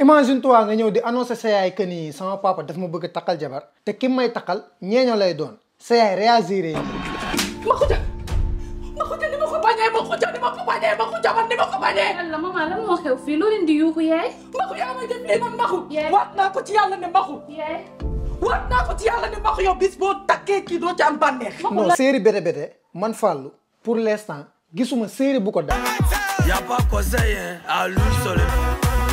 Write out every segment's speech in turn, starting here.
imagine toi nga ñëw di annoncer sa yaay que ni sama papa daf ma bëgg takal jabar te kim may takal ñeñu lay doon sa yaay réagiré ma xuja ma xuja ni ma ko bañé ma xuja ni ma ko bañé ma xuja man ni ma ko bañé yalla mama lan mo xew fi lo leen di yuuxu yaay ma ko ma def lii man ya, ma ko wat na ko ci yalla ni ma ko yaay wat na ko ci yalla ni ma ko yow bis bo takké ki do ci am bané non séeri bete bete man fallu pour l'instant gisuma séeri bu ko da y'a pa ko conseil a lui seul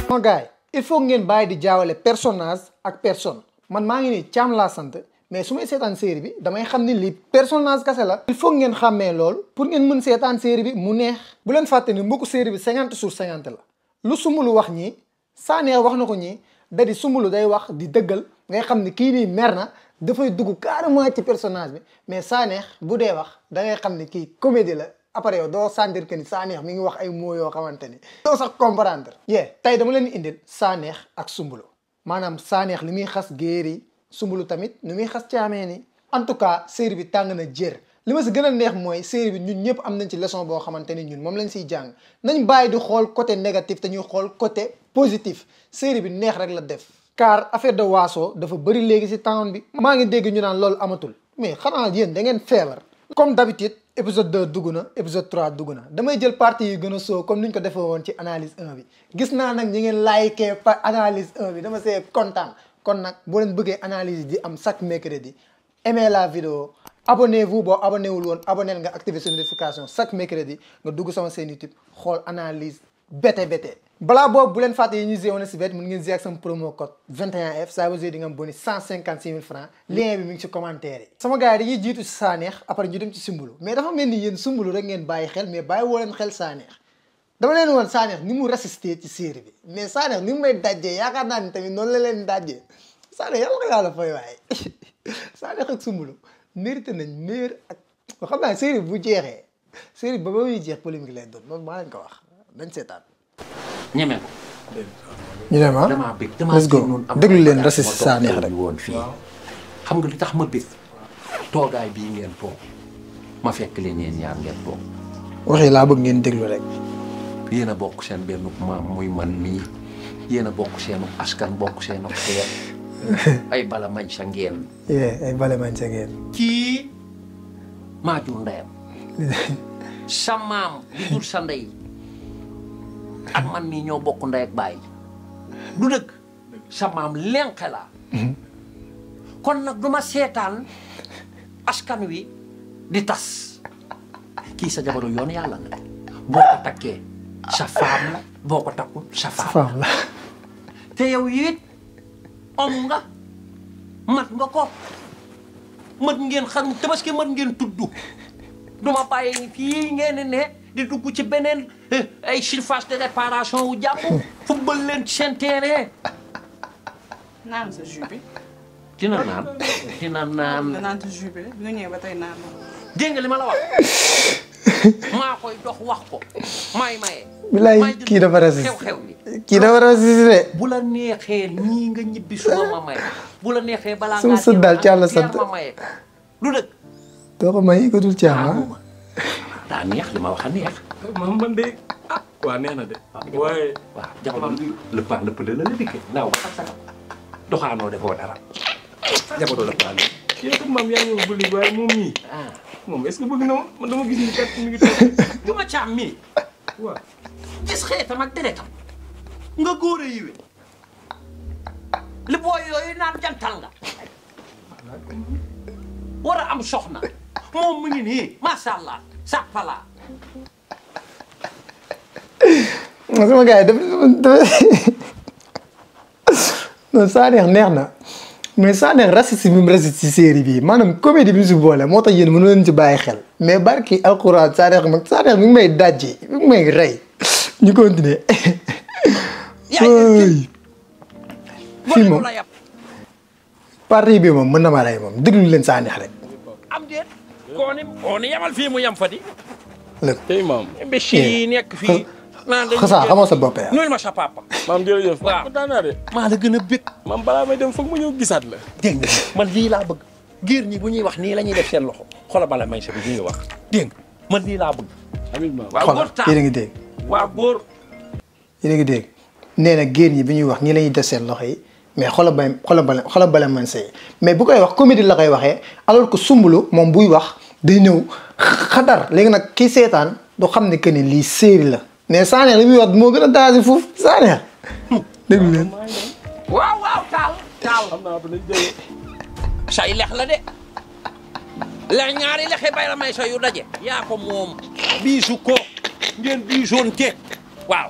mon gars il faut ngeen bàyyi di jaawale personnage ak personne man maa ngi nii caam laa sant mais su may seetaan série bi damay xam ni lii personnage kase la il faut ngeen xàmmee loolu pour ngeen mën seetaan série bi mu neex bu leen fàtte ni mbokku série bi cinquante sur cinquante la lu sumulu wax ñii Sanex wax na ko ñii da di sumulu day wax di dëggal ngay xam ni kii nii mer na dafay dugg carrément ci personage bi mais neex bu dee wax dangay xam ni kii comédie la après yow doo sentir que ni Sanekh mi ngi wax ay mots yoo xamante ni doo sax comprendre yee tey dama leen indil Sanekh ak Soumboulou maanaam Sanekh li muy xas géeri sumbulu tamit nu muy xas caamee ni en tout cas série bi tàng na jër li ma si gën a neex mooy série bi ñun ñëpp am nañ ci lesson boo xamante ni ñun moom lañ siy jàng nañ bàyyi di xool côté négatif te ñuy xool côté positif série bi neex rek la def car affaire de waaso dafa bëri léegi si town bi maa ngi dégg ñu naan loolu amatul mais xanaa yéen da ngeen feebar comme d'habitude épisode 2 dugg na épisode 3 dugg na damay jël partie yu gën a soo comme ni ñu ko defee woon ci analyse 1 bi gis naa nag ñi ngeen liké par analyse 1 bi dama see kontaan kon nag boo leen bëggee analyse di am chaque mercredi aimez la vidéo abonnez-vous boo abonné wul woon abonnel nga activer sa notification chaque mercredi nga dugg sama seen YouTube xool analyse bete bete bla boobu bu len faté yi ñu géwoon ci bet mën ngeen zé ak sama promo code 21F saa ba di nga boni 156 francs lien bi mi ngi ci commentaire yi sama gaay yi dañuy jitu ci sanex après ñu dem ci sumbulu mais dafa melni yeen yéen sumbulu rek ngeen bàyyi xel mais bàyyi woo leen xel sanex dama len won sanex ni mu résisté ci série bi mais sanex ni mu may dajé yaakaar naa ni tamit non la len dajé sanex yalla ko yalla fay way sanex ak sumbulu mérité nañ meer ak xam naa série bu jéxé série ba ba muy jéx polémique lay doon moom ma lañ ko wax nañ seetaan ñeme ko ñu dem ah let's go déglu leen rasis saa neex rek woon fii xam nga li tax ma bëgg toogaay bii ngeen toog ma fekk leen yéen ñaar ngeen toog waxee laa bëgg ngeen déglu rek yéen a bokk seen benn maam muy man mii yéen bokk seen askan bokk seen xeet ay bala mañ sa ngeen ay bala mañ sa ngeen kii maa jur ndeyam sa maam di jur sa ndey ak man mii ñoo bokk ndey ak baay du dëgg sa la kon nag du seetaan askan wi di tas kii sa jabaru yoon yàlla la boo ko takkee sa faam te yow it om nga mat nga ko mat ngeen xarum tabaski mat ngeen tudd fii ngeen ne di dugg ci beneen eh, ay surface de réparation wu jàpp football leen ci seen terrain. naan sa jus bi. dina naan dina naan. dina naan sa jus bi nga ñëwee ba tey naan la. dégg nga li ma la wax maa koy dox wax ko maay maye. bilaay kii dafa raciste xew-xew bi. kii dafa raciste bu la neexee nii nga ñibbi suba ma maye bu la neexee balaa ngaa. suuf si daal caa ah, la sant ma maye lu dëgg. doo ko maye ko dul caa Taniak lima wakan wax Mamban dek. man man de ah waa neex na de. waaye waaw jamono lëppaa lëpp la la dikkee naaw ba sax doxaanoo defoo dara jamono lëppaa lëpp. kii itam maam yaa ngi woon bële gizi dekat mii. moom est macam mi Wah. toog. du ma caam mii. waaw gis xeetam ak deretam nga góor tangga. yiwe am shokna. moom mu masalah. sàppala pala gars yi neex na mais Sanekh raciste bi mu raciste ci série bi maanaam comédie bi mu si boole moo tax yéen mënu leen ci bàyyi xel mais barki alxuraan Sanekh mag Sanekh mi ngi may dajji mi ngi may rey ñu continuer fii moom parti bi moom mën na ma rey moom leen Sanekh rek kooni kooni yamal fii mu yam fa di. lépp tey maam. bési yi nekk fii. naan dañuy xasaa xamoo sa bopp yaa. ma sa papa. maam jërëjëf. maa la gën a bég. maam balaa may dem foog ma ñëw gisaat la. dégg nga man lii laa bëgg. géer ñi bu ñuy wax nii la ñuy def seen loxo xoolal bala may sa bi ñuy wax dégg nga man lii laa bëgg. amiin maam ngi dégg. waaw góor. yéen a ngi nee na géer ñi bi ñuy wax nii la ñuy seen loxo yi mais xoolal ba xoolal bala xoolal bala man say mais bu koy wax comédie la koy waxee alors que Soumboulou moom buy wax day ñëw xadar léegi nag kii seetaan du xam ne que ni lii série la mais Sanex li muy wax moo gën a daasi foofu Sanex déglu leen waaw waaw taal taal say lex la de lex ñaari lexi bay la may sa yu daje yaa ko moom biisu ko ngeen biisoon te waaw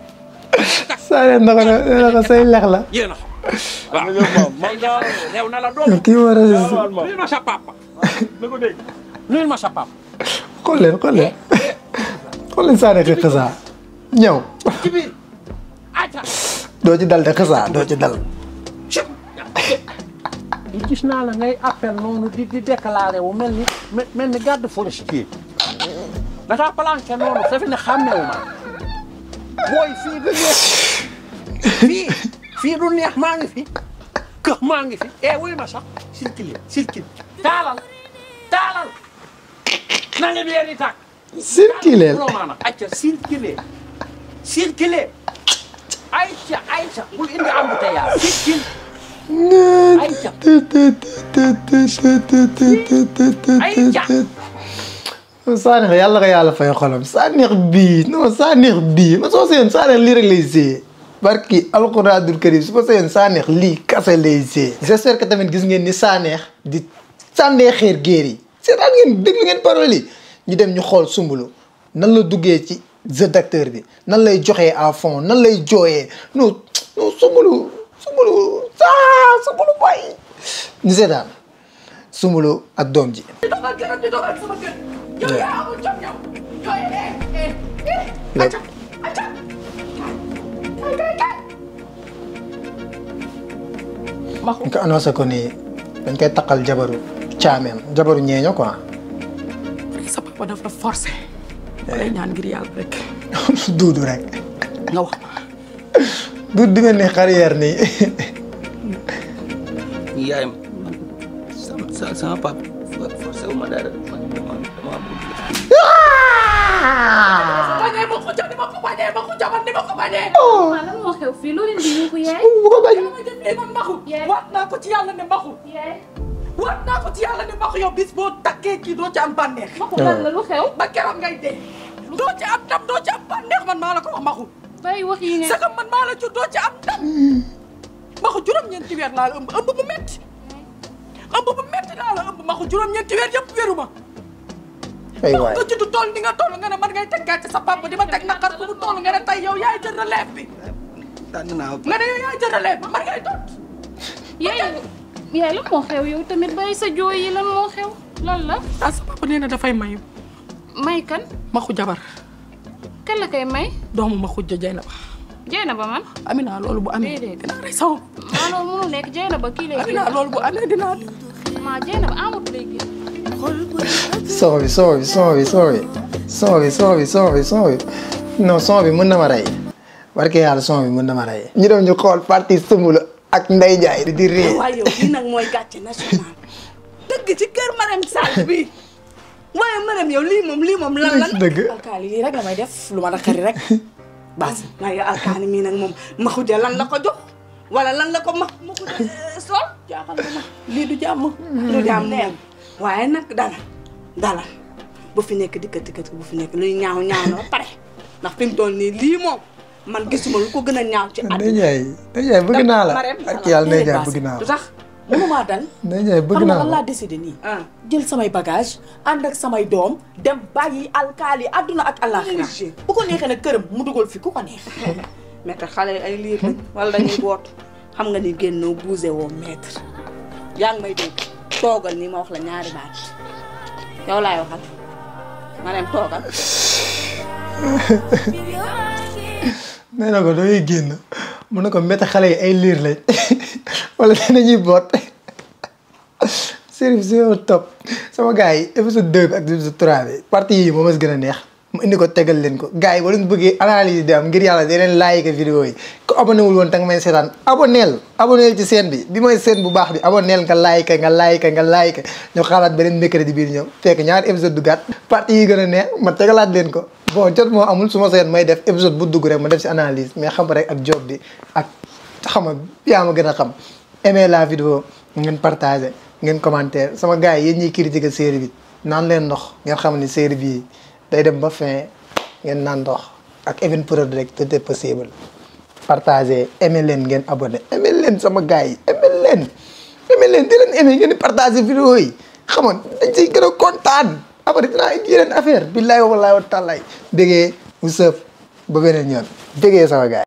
Sanex na ko na ko say lex la yéen a xam waaw man daal réew na la doom kii war a na sa papa na ko dégg nuyul ma sa papa. xool leen xool leen xool leen saa nekk xësaa ñëw. doo ci dal de xësaa doo ci dal. gis naa la ngay appel noonu di di déclaré wu mel ni mel ni garde forestier dafa planqué noonu sa fi ne xàmmewu ma booy fii du neex fii fii du neex maa ngi fi kër maa ngi fi e eh, wuy ma sax circulé circulé taalal taalal na leen leen di tàkk. circulé acca circulé circulé ayca ayca bul indi embouteillage circulé. ayca ayca. Sanekh yàlla nga yàlla fay xolam Sanekh bii non Sanekh bii ma soo seen Sanekh lii rek lay see. barki alxuraanul karim su ma seen Sanekh lii kase lay see. j'espère que tamit gis ngeen ni Sanekh di sànnee xeer géer yi. seetaan ngeen déglu ngeen parole yi ñu dem ñu xool Soumboulou nan la duggee ci jeu d'acteur bi nan lay joxee à fond nan lay jooyee non non Soumboulou Soumboulou ah Soumboulou boy ñu seetaan Soumboulou ak doom ji. nga annoncé ko ni dañ koy taqal jabaru caameem jabaru ñeeño quoi. sa papa dafa forcé. Eh. lay ñaan ngir yàlla rek. duudu ma. duud di ne xariyeer nii. yaayam man sama sama papa forcé ma dara man man ma ko jox ni ma ko bañee ma ko jox ni ma ko bañee. waaw lan moo xew ne mbaxu. yaay. waat naa ko ci yàlla ne ma yow bis boo takkee kii doo ci am bànneex. ma lan la lu xew. ba keroog ngay dee. doo ci am ndam doo ci am bànneex man maa ko wax ma ko. wax yi nga. sagam man maa la jur ci am ndam. ma ko juróom-ñeenti la ëmb ëmb bu metti ëmb bu metti la ni nga nga ne man ngay sa papa di ma nga ne yow yaay relève bi. nga ne yow yaay relève man ngay tot. yaay lan moo xew yow tamit bàyyi sa jooy yi lan moo xew lan la. ah sa papa nee na dafay mayu. may kan. maxu jabar. kan la may. doomu maxu ja Jeynaba. loolu bu amee. déedéet dinaa rey sama. maa ah, loolu mënul nekk Jeynaba kii bi mën na ma rey barke yàlla son bi mën na ma rey. ñu dem ñu xool parti sumb ak nday jaay di di wayo oh, waaw nak moy gatché national deug ci kër maram sal bi waaye maram yow ya, li mom li mom lan lan. deug alkali rek la def luma ma xari rek. baas naa ya, alkali mi nak mom lan la ko jox wala lan la ko ma sol jaxal na ma du jam du jam neex waye nak dala dala bu fi nek dikkat dikkat bu fi nek luy ñaaw ñaaw no paré ndax fim ton ni li mom man gisuma lu ko gëna ñaaw ci addu neñay neñay bëgg na la ak yal neñay bëgg na la tax mu ma dal neñay bëgg na la xam décidé ni ah. jël samay bagage and ak samay dom dem bayyi alkali aduna ak Allah bu ko neexee nag kërëm mu duggal fi ku ko neex maître xalé ay lire lañ wala dañuy boot xam nga ni génnoo bougé wo maître yaa ngi may dégg togal ni ma wax la ñaari baat yow laay waxal ma dem nee na ko dangay génn mu ne ko métti xale yi ay liir lañ wala dinañuy boot Chérif c'est un sama gars yi épisode 2 bi ak épisode 3 yi moo mas gën a neex mu indi ko tegal leen ko gars yi boo leen bëggee analyse di am ngir yàlla di leen like vidéo yi ko abonné wul woon tanga may seetaan abonneel abonneel ci seen bi bi mooy seen bu baax bi abonneel nga like nga like nga like ñu xalaat beneen mercredi biir ñëw fekk ñaar épisode du gàtt yi gën a neex ma tegalaat leen ko bon jot moo amul suma seen seet may def épisode bu dugg rek ma def si analyse mais xam rek ak job bi ak xam ma yaa ma gën a xam aimé la vidéo ngeen partagé ngeen commentaire sama gars yi yéen ñuy critiquer série bi naan leen ndox ngeen xam ni série bi day dem ba fin ngeen naan ndox ak even prod rek tout est possible partagé aimé leen ngeen abonné aimé leen sama gars yi aimé leen aimé leen di leen aimé ngeen di partagé vidéo yi xamoon dañ siy a kontaan après dinaa indi yeneen affaire billaay wallaay wa taalaay déggee Ousseuf ba beneen ñoom déggee sama